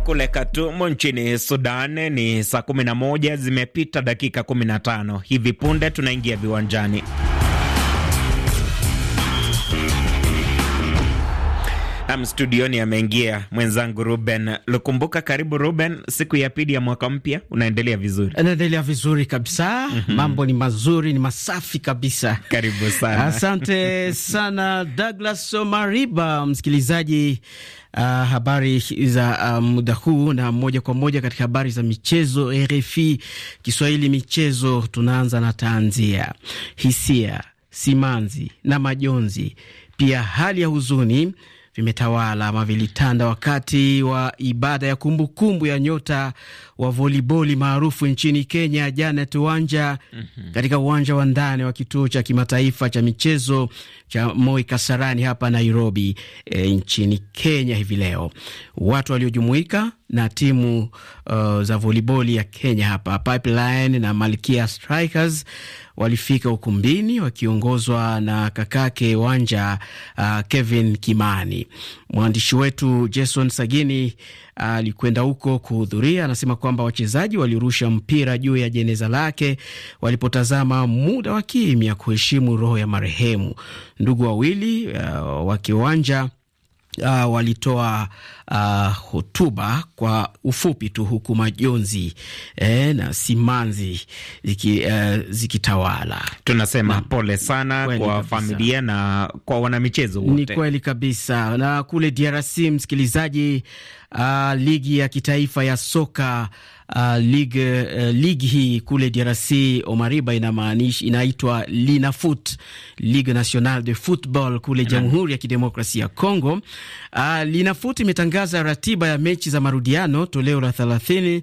kule Katumu nchini Sudan ni saa 11 zimepita dakika 15. Hivi punde tunaingia viwanjani. Studioni ameingia mwenzangu Ruben Lukumbuka. Karibu Ruben, siku ya pili ya mwaka mpya, unaendelea vizuri? Naendelea vizuri kabisa. mm -hmm. Mambo ni mazuri, ni masafi kabisa. Karibu sana. Asante sana Douglas Omariba. Msikilizaji, uh, habari za uh, muda huu, na moja kwa moja katika habari za michezo. RFI Kiswahili michezo, tunaanza na tanzia, hisia, simanzi na majonzi, pia hali ya huzuni vimetawala ama vilitanda wakati wa ibada ya kumbukumbu kumbu ya nyota wa voliboli maarufu nchini Kenya Janet Wanja mm -hmm. katika uwanja wa ndani wa kituo cha kimataifa cha michezo cha Moi Kasarani hapa Nairobi e, nchini Kenya hivi leo. Watu waliojumuika na timu uh, za voliboli ya Kenya hapa Pipeline na Malkia Strikers walifika ukumbini wakiongozwa na kakake Wanja uh, Kevin Kimani. Mwandishi wetu Jason Sagini uh, alikwenda uh, huko kuhudhuria. Anasema kwamba wachezaji walirusha mpira juu ya jeneza lake walipotazama muda wa kimya kuheshimu roho ya marehemu ndugu wawili uh, wa kiwanja uh, walitoa uh, hotuba kwa ufupi tu, huku majonzi eh, na simanzi ziki, uh, zikitawala. Tunasema na, pole sana kwa familia na kwa wanamichezo wote. Ni kweli kabisa. Na kule DRC msikilizaji uh, ligi ya kitaifa ya soka uh, ah, ligi, uh, eh, ligi hii kule DRC Omariba inamaanisha inaitwa Linafoot, Ligue Nationale de Football kule mm-hmm. Jamhuri ya Kidemokrasia ya congo Uh, ah, Linafoot imetangaza ratiba ya mechi za marudiano toleo la 30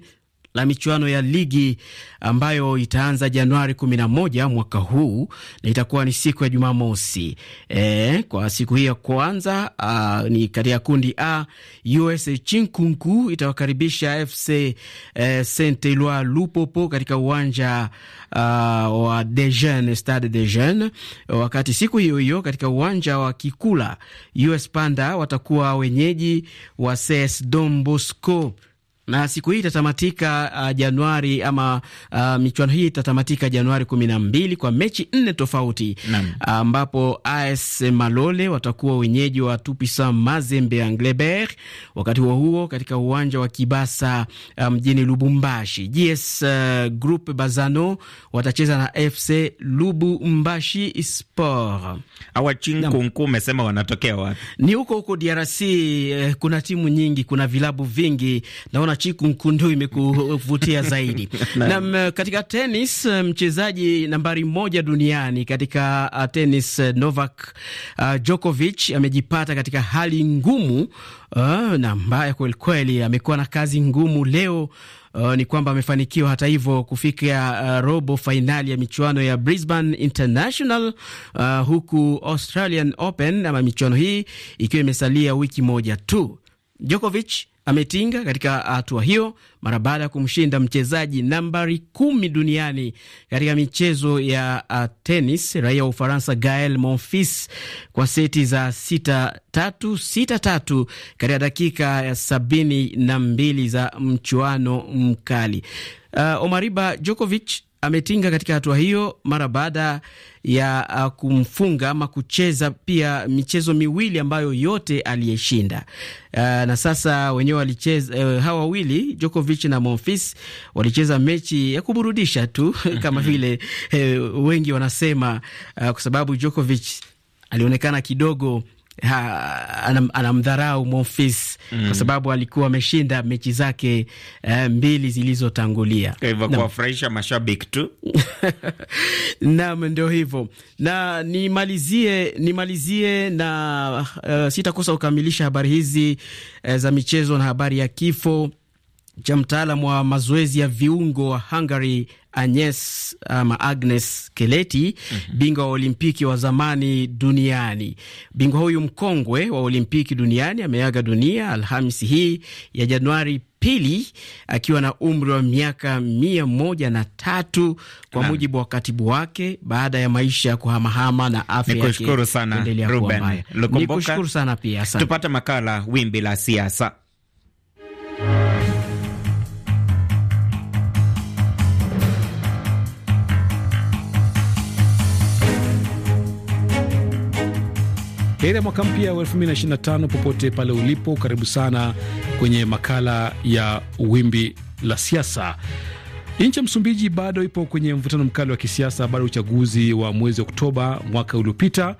la michuano ya ligi ambayo itaanza Januari 11 mwaka huu na itakuwa ni siku ya Jumamosi. E, kwa siku hii ya kwanza ni katika kundi A, US Chinkunku itawakaribisha FC e, Saint Eloi Lupopo katika uwanja a, wa Dejen, Stade Dejen. Wakati siku hiyo hiyo katika uwanja wa Kikula US Panda watakuwa wenyeji wa CS Dombosco na siku hii itatamatika uh, Januari ama uh, michuano hii itatamatika Januari kumi na mbili kwa mechi nne tofauti ambapo uh, AS Malole watakuwa wenyeji wa Tupisa Mazembe Angleber. Wakati huo huo, katika uwanja wa Kibasa uh, mjini um, Lubumbashi, GS uh, Group Bazano watacheza na FC Lubumbashi Sport. Awachinkunku umesema wanatokea wapi? Ni huko huko DRC. Eh, kuna timu nyingi, kuna vilabu vingi, naona Pachiku Nkundu imekuvutia zaidi nam. Katika tenis, mchezaji nambari moja duniani katika uh, tenis uh, Novak uh, Djokovic amejipata katika hali ngumu uh, na mbaya kwelikweli. Amekuwa na kazi ngumu leo. Uh, ni kwamba amefanikiwa hata hivyo kufika uh, robo fainali ya michuano ya Brisbane International uh, huku Australian Open ama michuano hii ikiwa imesalia wiki moja tu. Djokovic ametinga katika hatua hiyo mara baada ya kumshinda mchezaji nambari kumi duniani katika michezo ya uh, tenis raia wa Ufaransa Gael Monfils kwa seti za sita tatu sita tatu katika dakika ya sabini na mbili za mchuano mkali. Uh, Omariba Djokovic ametinga katika hatua hiyo mara baada ya uh, kumfunga ama kucheza pia michezo miwili ambayo yote aliyeshinda. Uh, na sasa wenyewe walicheza uh, hawa wawili Djokovic na Monfils walicheza mechi ya kuburudisha tu kama vile uh, wengi wanasema uh, kwa sababu Djokovic alionekana kidogo anamdharau Monfils mm. kwa sababu alikuwa ameshinda mechi zake uh, mbili zilizotangulia, kwa hivyo kuwafurahisha mashabiki tu nam, ndio hivyo na nimalizie, nimalizie na uh, sitakosa kukamilisha habari hizi uh, za michezo na habari ya kifo cha mtaalamu wa mazoezi ya viungo wa Hungary Agnes ama Agnes Keleti, mm -hmm. bingwa wa Olimpiki wa zamani duniani. Bingwa huyu mkongwe wa Olimpiki duniani ameaga dunia Alhamisi hii ya Januari pili akiwa na umri wa miaka mia moja na tatu kwa na mujibu wa katibu wake, baada ya maisha ya kuhamahama na afya yake. sana Nikushukuru sana pia, asante. Tupate makala wimbi la siasa. heri ya mwaka mpya wa 2025 popote pale ulipo. Karibu sana kwenye makala ya wimbi la siasa. Nchi ya Msumbiji bado ipo kwenye mvutano mkali wa kisiasa baada ya uchaguzi wa mwezi Oktoba mwaka uliopita.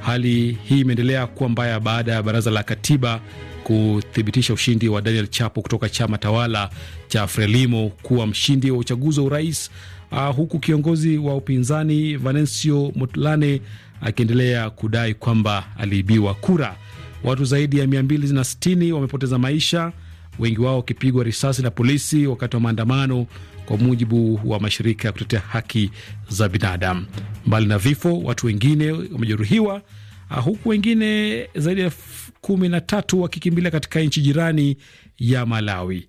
Hali hii imeendelea kuwa mbaya baada ya baraza la katiba kuthibitisha ushindi wa Daniel Chapo kutoka chama tawala cha Frelimo kuwa mshindi wa uchaguzi wa urais uh, huku kiongozi wa upinzani Valencio Motlane akiendelea kudai kwamba aliibiwa kura. Watu zaidi ya 260 wamepoteza maisha, wengi wao wakipigwa risasi na polisi wakati wa maandamano, kwa mujibu wa mashirika ya kutetea haki za binadamu. Mbali na vifo, watu wengine wamejeruhiwa ah, huku wengine zaidi ya kumi na tatu wakikimbilia katika nchi jirani ya Malawi.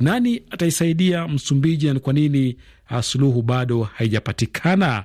Nani ataisaidia Msumbiji na kwa nini ah, suluhu bado haijapatikana?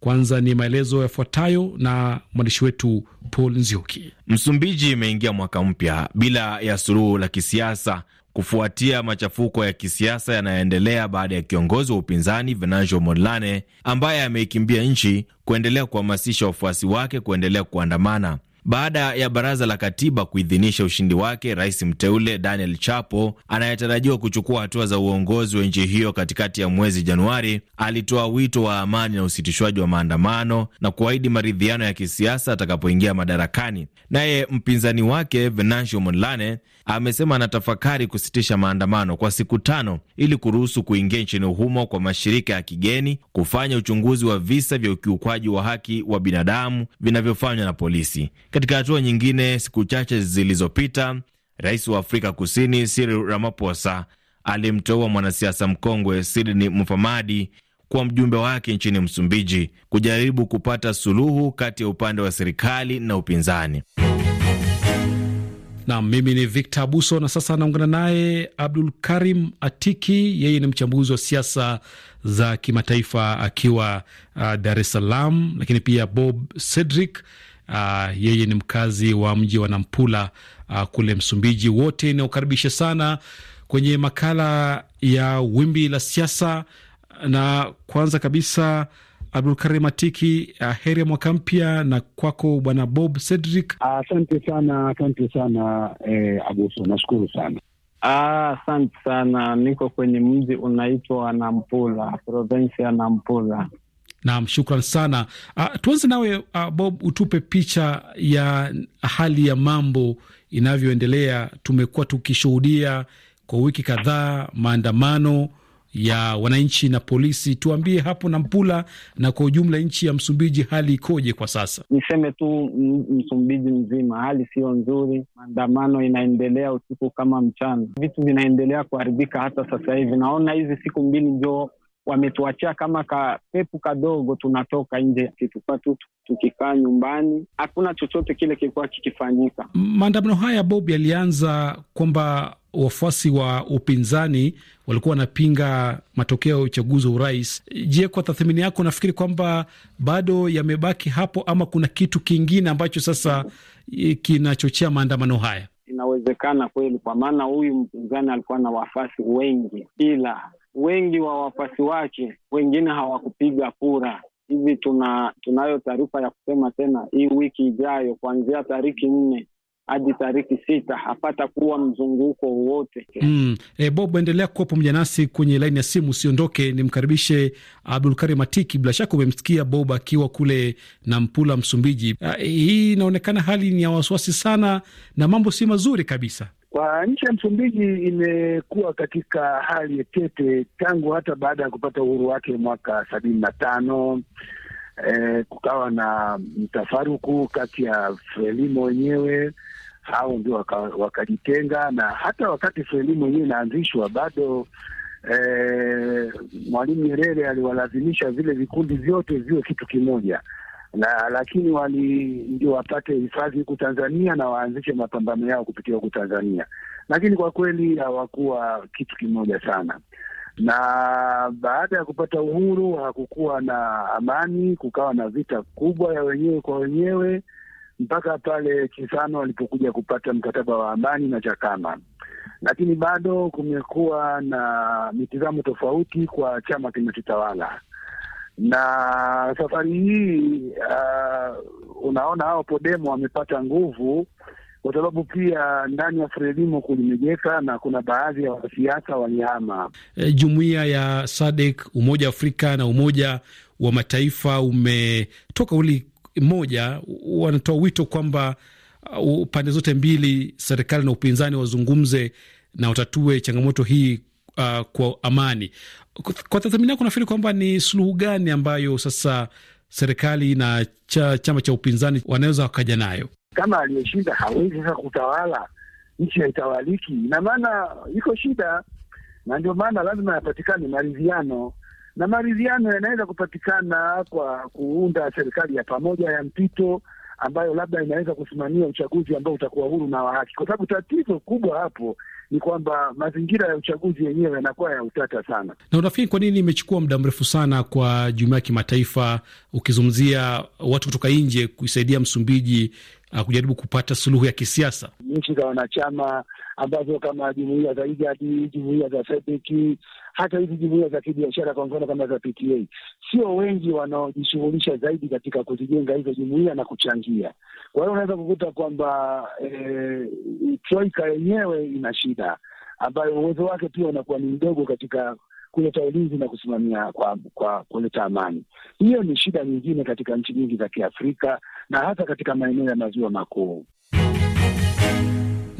Kwanza ni maelezo yafuatayo na mwandishi wetu Paul Nzioki. Msumbiji imeingia mwaka mpya bila ya suluhu la kisiasa kufuatia machafuko ya kisiasa yanayoendelea baada ya kiongozi wa upinzani Venancio Mondlane ambaye ameikimbia nchi kuendelea kuhamasisha wafuasi wake kuendelea kuandamana baada ya baraza la katiba kuidhinisha ushindi wake. Rais mteule Daniel Chapo anayetarajiwa kuchukua hatua za uongozi wa nchi hiyo katikati ya mwezi Januari alitoa wito wa amani na usitishwaji wa maandamano na kuahidi maridhiano ya kisiasa atakapoingia madarakani. Naye mpinzani wake Venancio Mondlane amesema anatafakari kusitisha maandamano kwa siku tano ili kuruhusu kuingia nchini humo kwa mashirika ya kigeni kufanya uchunguzi wa visa vya ukiukwaji wa haki wa binadamu vinavyofanywa na polisi. Katika hatua nyingine, siku chache zilizopita, rais wa Afrika Kusini Cyril Ramaphosa alimteua mwanasiasa mkongwe Sidni Mufamadi kuwa mjumbe wake nchini Msumbiji kujaribu kupata suluhu kati ya upande wa serikali na upinzani. Nam, mimi ni Victor Abuso na sasa anaungana naye Abdul Karim Atiki. Yeye ni mchambuzi wa siasa za kimataifa akiwa uh, Dar es Salaam, lakini pia Bob Cedric Uh, yeye ni mkazi wa mji wa Nampula uh, kule Msumbiji. Wote inaokaribisha sana kwenye makala ya wimbi la siasa, na kwanza kabisa Abdulkarim Atiki, uh, heri ya mwaka mpya na kwako bwana Bob Cedric. Asante uh, sana, asante sana eh, Abuso, nashukuru sana asante uh, sana. Niko kwenye mji unaitwa Nampula, provensi ya Nampula. Nam, shukran sana. Uh, tuanze nawe uh, Bob, utupe picha ya hali ya mambo inavyoendelea. Tumekuwa tukishuhudia kwa wiki kadhaa maandamano ya wananchi na polisi. Tuambie hapo Nampula, na kwa ujumla nchi ya Msumbiji hali ikoje kwa sasa? Niseme tu Msumbiji mzima hali siyo nzuri, maandamano inaendelea usiku kama mchana, vitu vinaendelea kuharibika. Hata sasa hivi naona hizi siku mbili ndio wametuachia kama kapepu kadogo, tunatoka nje, tukikuwa tu tukikaa nyumbani, hakuna chochote kile kilikuwa kikifanyika. Maandamano haya Bob, yalianza kwamba wafuasi wa upinzani walikuwa wanapinga matokeo ya uchaguzi wa urais. Je, kwa tathmini yako, nafikiri kwamba bado yamebaki hapo ama kuna kitu kingine ambacho sasa e, kinachochea maandamano haya? Inawezekana kweli, kwa maana huyu mpinzani alikuwa na wafuasi wengi, ila wengi wa wafuasi wake wengine hawakupiga kura. Hivi tuna tunayo taarifa ya kusema tena, hii wiki ijayo kuanzia tariki nne hadi tariki sita hapata kuwa mzunguko wowote. Mm. E, Bob, endelea kuwa pamoja nasi kwenye laini ya simu, usiondoke. Nimkaribishe Abdulkarim Matiki. Bila shaka umemsikia Bob akiwa kule Nampula, Msumbiji. Ah, hii inaonekana hali ni ya wasiwasi sana na mambo si mazuri kabisa. Kwa nchi ya Msumbiji imekuwa katika hali tete tangu hata baada ya kupata uhuru wake mwaka sabini na tano. E, kukawa na mtafaruku kati ya Frelimo wenyewe, hao ndio wakajitenga waka, na hata wakati Frelimo wenyewe inaanzishwa bado e, Mwalimu Nyerere aliwalazimisha vile vikundi vyote viwe kitu kimoja na lakini wali ndio wapate hifadhi huku Tanzania na waanzishe mapambano yao kupitia huku Tanzania, lakini kwa kweli hawakuwa kitu kimoja sana. Na baada ya kupata uhuru hakukuwa na amani, kukawa na vita kubwa ya wenyewe kwa wenyewe mpaka pale Chisano alipokuja kupata mkataba wa amani na Chakama, lakini bado kumekuwa na mitizamo tofauti kwa chama kinachotawala na safari hii uh, unaona hao Podemo wamepata nguvu kwa sababu pia ndani ya Frelimo kulimejeka na kuna baadhi ya wanasiasa walihama. E, jumuiya ya SADC, Umoja wa Afrika na Umoja wa Mataifa umetoka uli moja, wanatoa wito kwamba uh, pande zote mbili, serikali na upinzani, wazungumze na watatue changamoto hii uh, kwa amani. Kwa tathmini yako, nafikiri kwamba ni suluhu gani ambayo sasa serikali na cha, chama cha upinzani wanaweza wakaja nayo? Kama aliyeshinda hawezi sasa kutawala nchi, haitawaliki, ina maana iko shida, na ndio maana lazima yapatikane maridhiano na maridhiano yanaweza kupatikana kwa kuunda serikali ya pamoja ya mpito ambayo labda inaweza kusimamia uchaguzi ambao utakuwa huru na wa haki, kwa sababu tatizo kubwa hapo ni kwamba mazingira ya uchaguzi yenyewe yanakuwa ya utata sana. Na unafikiri kwa nini imechukua muda mrefu sana kwa jumuiya ya kimataifa, ukizungumzia watu kutoka nje, kuisaidia Msumbiji uh, kujaribu kupata suluhu ya kisiasa? Nchi za wanachama ambazo kama jumuia za ijadi jumuia za SADC, hata hizi jumuia za kibiashara, kwa mfano kama za PTA, sio wengi wanaojishughulisha zaidi katika kuzijenga hizo jumuia na kuchangia. Kwa hiyo unaweza kukuta kwamba e, troika yenyewe ina shida ambayo uwezo wake pia unakuwa ni mdogo katika kuleta ulinzi na kusimamia kwa, kwa kuleta amani. Hiyo ni shida nyingine katika nchi nyingi za Kiafrika na hata katika maeneo ya maziwa makuu.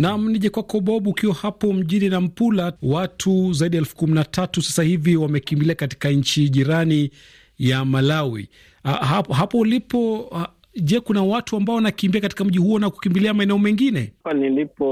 Nam, nije kwako Bob, ukiwa hapo mjini Nampula, watu zaidi ya elfu kumi na tatu sasa hivi wamekimbilia katika nchi jirani ya Malawi. Ah, hapo, hapo ulipo ah, Je, kuna watu ambao wanakimbia katika mji huo na kukimbilia maeneo mengine? Nilipo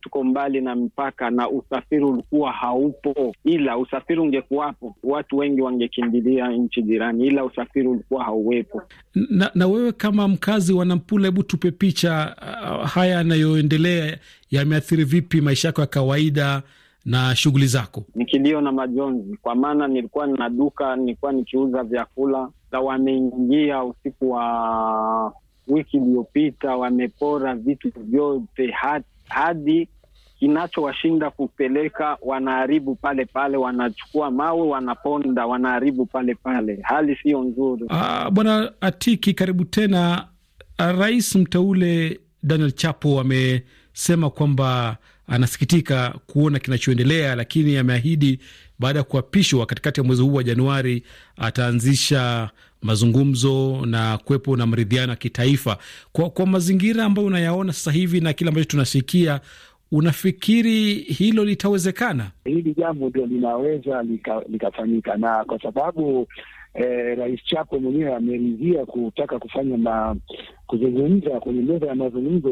tuko mbali na mpaka na usafiri ulikuwa haupo, ila usafiri ungekuwapo watu wengi wangekimbilia nchi jirani, ila usafiri ulikuwa hauwepo. Na, na wewe kama mkazi wa Nampula, hebu tupe picha uh, haya yanayoendelea yameathiri vipi maisha yako ya kawaida na shughuli zako? Ni kilio na majonzi, kwa maana nilikuwa na duka, nilikuwa nikiuza vyakula na wameingia usiku wa wiki iliyopita, wamepora vitu vyote hadi kinachowashinda kupeleka, wanaharibu pale pale, wanachukua mawe, wanaponda, wanaharibu pale pale. Hali siyo nzuri. Uh, Bwana Atiki, karibu tena. Ah, Rais mteule Daniel Chapo amesema kwamba anasikitika kuona kinachoendelea, lakini ameahidi baada ya kuapishwa katikati ya mwezi huu wa Januari ataanzisha mazungumzo na kuwepo na maridhiano ya kitaifa. Kwa, kwa mazingira ambayo unayaona sasa hivi na kile ambacho tunasikia unafikiri hilo litawezekana? Hili jambo ndio linaweza likafanyika lika, na kwa sababu eh, Rais Chapo mwenyewe ameridhia kutaka kufanya ma, kuzungumza kwenye meza ya mazungumzo.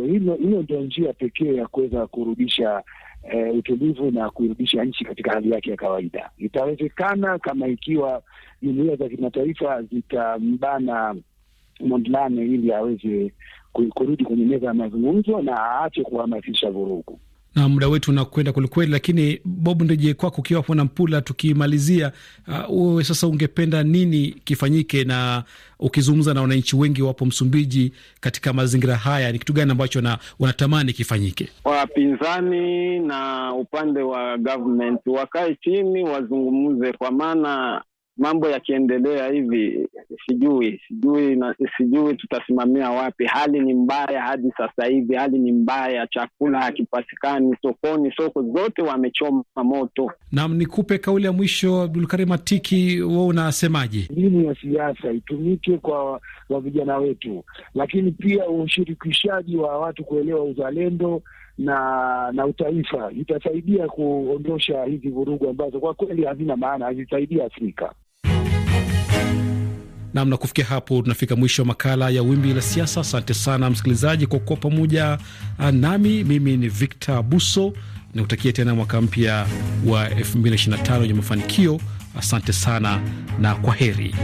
Hiyo ndio njia pekee ya kuweza kurudisha eh, utulivu na kuirudisha nchi katika hali yake ya kawaida. Itawezekana kama ikiwa jumuia za kimataifa zitambana Mondlane ili aweze kurudi kwenye meza ya mazungumzo na aache kuhamasisha vurugu na muda wetu unakwenda kwelikweli, lakini Bob ndeje kwako, ukiwa hapo Mpula tukimalizia, uh, wewe uh, sasa ungependa nini kifanyike? Na ukizungumza na wananchi wengi wapo Msumbiji katika mazingira haya, ni kitu gani ambacho na wanatamani kifanyike? Wapinzani na upande wa government wakae chini wazungumze, kwa maana mambo yakiendelea hivi, sijui sijui na, sijui tutasimamia wapi. Hali ni mbaya hadi sasa hivi, hali ni mbaya, chakula hakipatikani sokoni, soko zote wamechoma moto. ni nikupe kauli ya mwisho Abdulkarim Atiki, wo unasemaje? Elimu ya siasa itumike kwa wa vijana wetu, lakini pia ushirikishaji wa watu kuelewa uzalendo na na utaifa itasaidia kuondosha hizi vurugu ambazo kwa kweli hazina maana, hazisaidia Afrika. Namna kufikia hapo, tunafika mwisho wa makala ya Wimbi la Siasa. Asante sana msikilizaji kwa kuwa pamoja ah, nami. Mimi ni Victor Buso, nikutakia tena mwaka mpya wa 2025 wenye mafanikio. Asante sana na kwa heri.